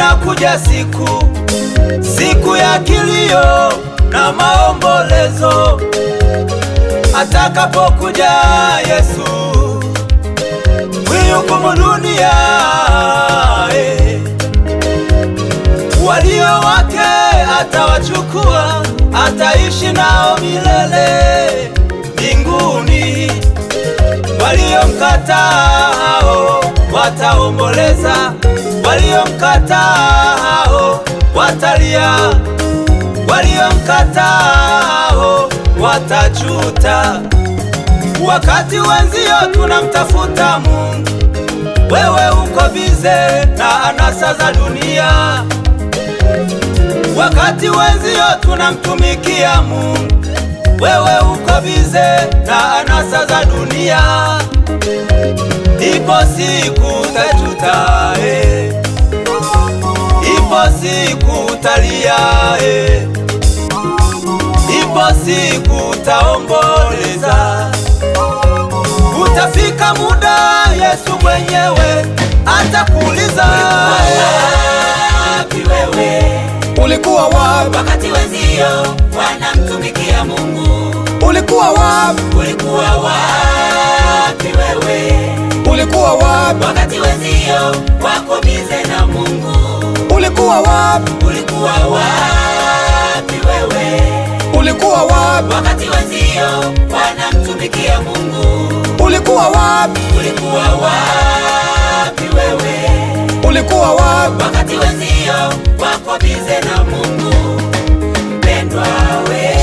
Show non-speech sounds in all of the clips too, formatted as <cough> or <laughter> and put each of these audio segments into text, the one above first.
inakuja siku, siku ya kilio na maombolezo. Atakapokuja Yesu kuihukumu dunia, eh. walio wake atawachukua, ataishi nao milele mbinguni. Waliomkataa hao wataomboleza waliomkataa watalia, waliomkataa watajuta. Wakati wenzio tunamtafuta Mungu, wewe uko bize na anasa za dunia. Wakati wenzio tunamtumikia Mungu, wewe uko bize na anasa za dunia. Ipo siku utajuta, eh siku utalia eh. Ipo siku utaomboleza, utafika muda Yesu mwenyewe atakuuliza ulikuwa wapi wakati wenzio wanamtumikia Mungu? Ulikuwa wapi? Ulikuwa wapi wewe? Ulikuwa wapi wakati wenzio wako bize Ulikuwa wapi? Ulikuwa wapi wewe? Ulikuwa wapi? Wakati wenzio wanamtumikia Mungu. Ulikuwa wapi? Ulikuwa wapi wewe? Ulikuwa wapi? Wakati wenzio wako bize na Mungu. Mpendwa wewe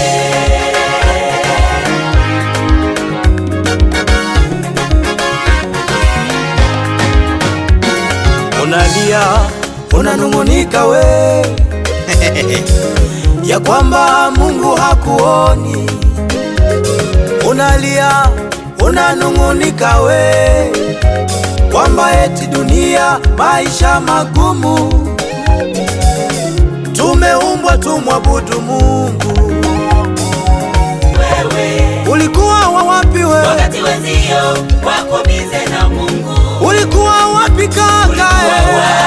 unalia unanung'unika we <laughs> ya kwamba Mungu hakuoni, unalia unanung'unika we kwamba eti dunia maisha magumu, tumeumbwa tumwabudu Mungu. Wewe ulikuwa wa wapi wewe, wakati wenzio wako bize na Mungu? Ulikuwa wapi kaka? E?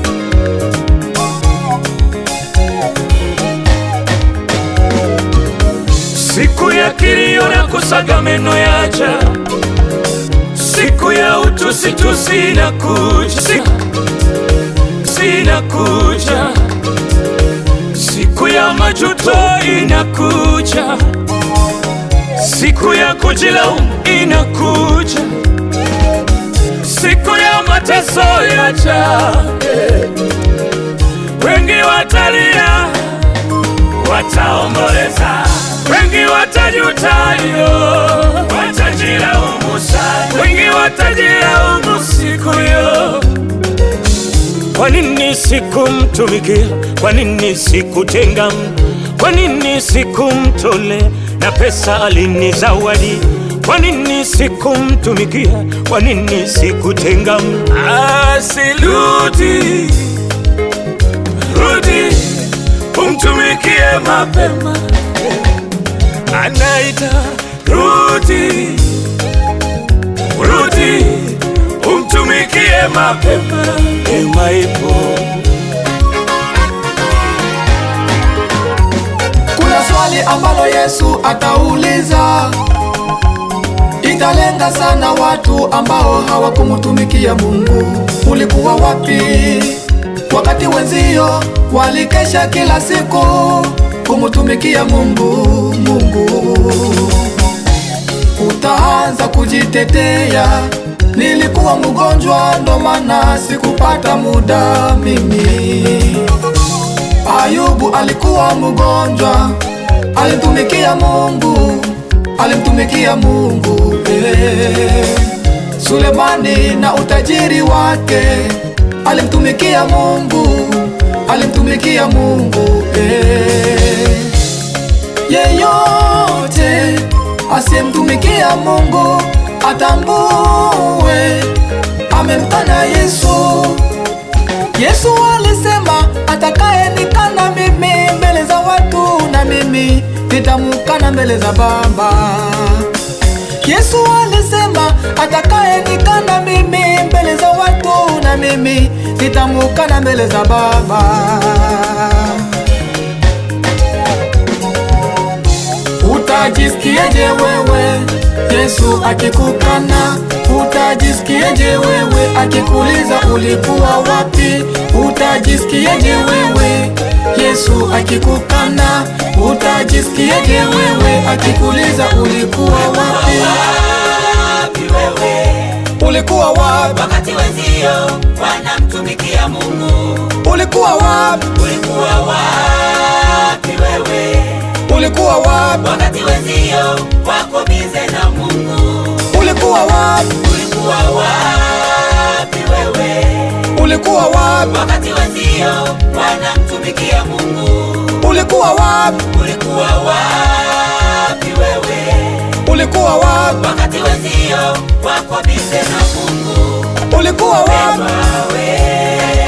siku ya kilio na kusaga meno yacha, siku ya utusitusi inakuja, siku inakuja, siku ya majuto inakuja, siku ya kujilaumu inakuja, siku ya mateso yacha, wengi watalia, wataomboleza wengi wat watajutayo, watajilaumu sana, wengi watajilaumu siku hiyo. Kwa nini sikumtumikia? Kwa nini sikutenga? Kwa nini sikumtole na pesa alini alinizawadi? Kwa nini sikumtumikia? Kwa nini sikutenga? Asirudi, rudi umtumikie mapema anaita Ruti, Ruti, umtumikie mapema, neema ipo. Kuna swali ambalo Yesu atauliza italenga sana watu ambao hawakumtumikia Mungu. Ulikuwa wapi wakati wenzio walikesha kila siku kumtumikia Mungu? Mungu, utaanza kujitetea. Nilikuwa mgonjwa, ndo maana sikupata muda mimi. Ayubu alikuwa mgonjwa, alimtumikia Mungu, alimtumikia Mungu eh. Sulemani na utajiri wake, alimtumikia Mungu, alimtumikia Mungu eh. Yeyo asiyemtumikia Mungu atambue amemkana Yesu. Yesu alisema atakayenikana mimi mbele za watu, na mimi nitamkana mbele za Baba. Yesu alisema atakayenikana mimi mbele za watu, na mimi nitamkana mbele za Baba. utajisikieje wewe Yesu akikukana? Utajisikieje wewe akikuliza ulikuwa wapi? Utajisikieje wewe Yesu akikukana? Utajisikieje wewe akikuliza ulikuwa wapi? Ulikuwa wapi wakati wenzio wanamtumikia Mungu? Ulikuwa wapi? Ulikuwa wapi wewe? Ulikuwa wapi wakati wenzio wako bize na Mungu? Ulikuwa wapi? Ulikuwa wapi wewe? Ulikuwa wapi wakati wenzio wanamtumikia Mungu? Ulikuwa wapi? Ulikuwa wapi wewe? Ulikuwa wapi wakati wenzio wako bize na Mungu? Ulikuwa wapi?